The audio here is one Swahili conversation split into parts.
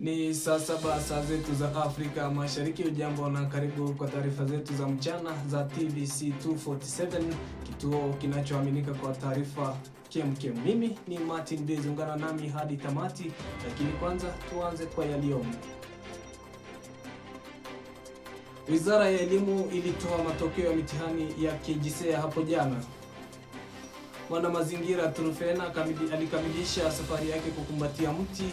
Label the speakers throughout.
Speaker 1: Ni saa saba saa zetu za Afrika Mashariki. Ujambo na karibu kwa taarifa zetu za mchana za TBC 247 kituo kinachoaminika kwa taarifa kemkem. Mimi ni Martin Bez, ungana nami hadi tamati, lakini kwanza tuanze kwa yaliyomo. Wizara ya Elimu ilitoa matokeo ya mitihani ya KJSEA hapo jana. mwana mazingira Trufena alikamilisha safari yake kukumbatia mti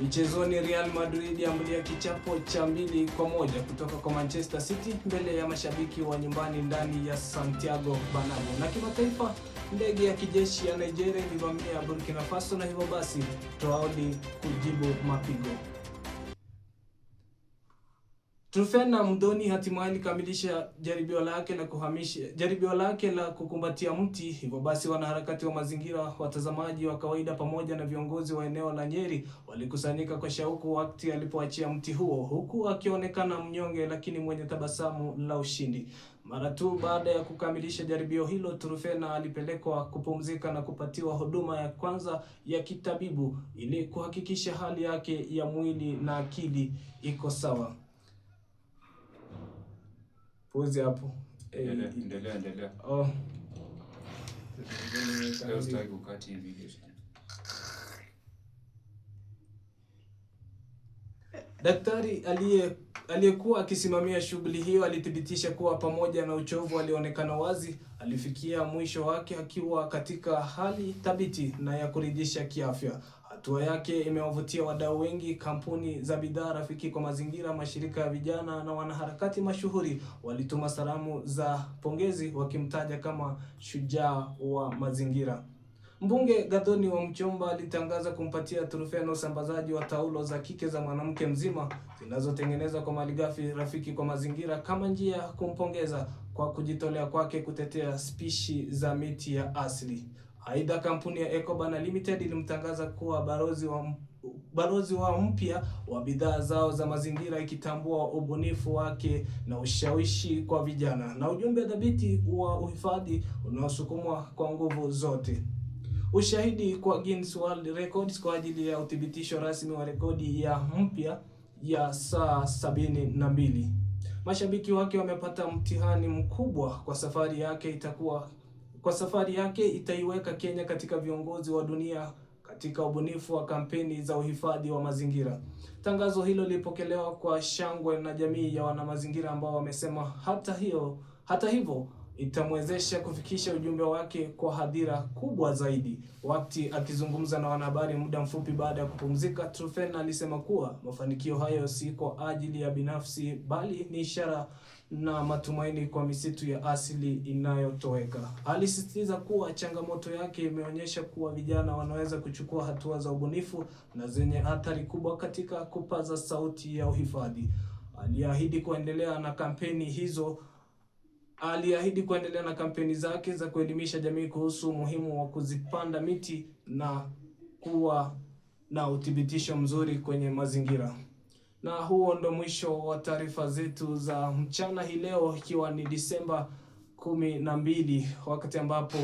Speaker 1: Michezoni, Real Madrid ambulia kichapo cha mbili kwa moja kutoka kwa Manchester City mbele ya mashabiki wa nyumbani ndani ya Santiago Bernabeu. Na kimataifa, ndege ya kijeshi ya Nigeria ilivamia Burkina Faso na hivyo basi Traore kujibu mapigo. Trufen na Mdhoni hatimaye alikamilisha jaribio lake la kuhamisha jaribio lake la kukumbatia mti. Hivyo basi, wanaharakati wa mazingira, watazamaji wa kawaida, pamoja na viongozi wa eneo la Nyeri walikusanyika kwa shauku wakati alipoachia mti huo, huku akionekana mnyonge lakini mwenye tabasamu la ushindi. Mara tu baada ya kukamilisha jaribio hilo, Trufena alipelekwa kupumzika na kupatiwa huduma ya kwanza ya kitabibu ili kuhakikisha hali yake ya mwili na akili iko sawa. Uzi hapo.
Speaker 2: Eh, endelea, endelea. Oh.
Speaker 1: Daktari aliye aliyekuwa akisimamia shughuli hiyo alithibitisha kuwa pamoja na uchovu alionekana wazi, alifikia mwisho wake akiwa katika hali thabiti na ya kuridhisha kiafya. Hatua yake imewavutia wadau wengi, kampuni za bidhaa rafiki kwa mazingira, mashirika ya vijana na wanaharakati mashuhuri walituma salamu za pongezi wakimtaja kama shujaa wa mazingira. Mbunge Gathoni wa Mchomba alitangaza kumpatia turufea na usambazaji wa taulo za kike za mwanamke mzima zinazotengenezwa kwa malighafi rafiki kwa mazingira kama njia ya kumpongeza kwa kujitolea kwake kutetea spishi za miti ya asili. Aidha, kampuni ya Ecobana Limited ilimtangaza kuwa balozi wa balozi wa mpya wa bidhaa zao za mazingira ikitambua ubunifu wake na ushawishi kwa vijana na ujumbe dhabiti wa uhifadhi unaosukumwa kwa nguvu zote. Ushahidi kwa Guinness World Records kwa ajili ya uthibitisho rasmi wa rekodi ya mpya ya saa sabini na mbili. Mashabiki wake wamepata mtihani mkubwa kwa safari yake itakuwa kwa safari yake itaiweka Kenya katika viongozi wa dunia katika ubunifu wa kampeni za uhifadhi wa mazingira. Tangazo hilo lilipokelewa kwa shangwe na jamii ya wanamazingira ambao wamesema hata hiyo hata hivyo itamwezesha kufikisha ujumbe wake kwa hadhira kubwa zaidi. Wakati akizungumza na wanahabari muda mfupi baada ya kupumzika, Truffen alisema kuwa mafanikio hayo si kwa ajili ya binafsi, bali ni ishara na matumaini kwa misitu ya asili inayotoweka. Alisisitiza kuwa changamoto yake imeonyesha kuwa vijana wanaweza kuchukua hatua za ubunifu na zenye athari kubwa katika kupaza sauti ya uhifadhi. Aliahidi kuendelea na kampeni hizo aliahidi kuendelea na kampeni zake za kuelimisha jamii kuhusu umuhimu wa kuzipanda miti na kuwa na uthibitisho mzuri kwenye mazingira. Na huo ndo mwisho wa taarifa zetu za mchana hii leo, ikiwa ni Disemba kumi na mbili, wakati ambapo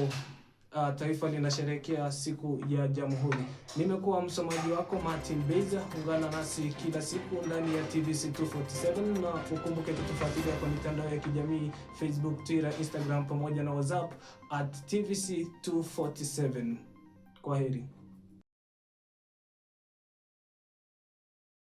Speaker 1: uh, taifa linasherehekea siku ya Jamhuri. Nimekuwa msomaji wako Martin Beza, ungana nasi kila siku ndani ya TVC 247 na ukumbuke kutufuatilia kwa mitandao ya kijamii Facebook, Twitter, Instagram pamoja na WhatsApp at TVC 247. Kwa heri.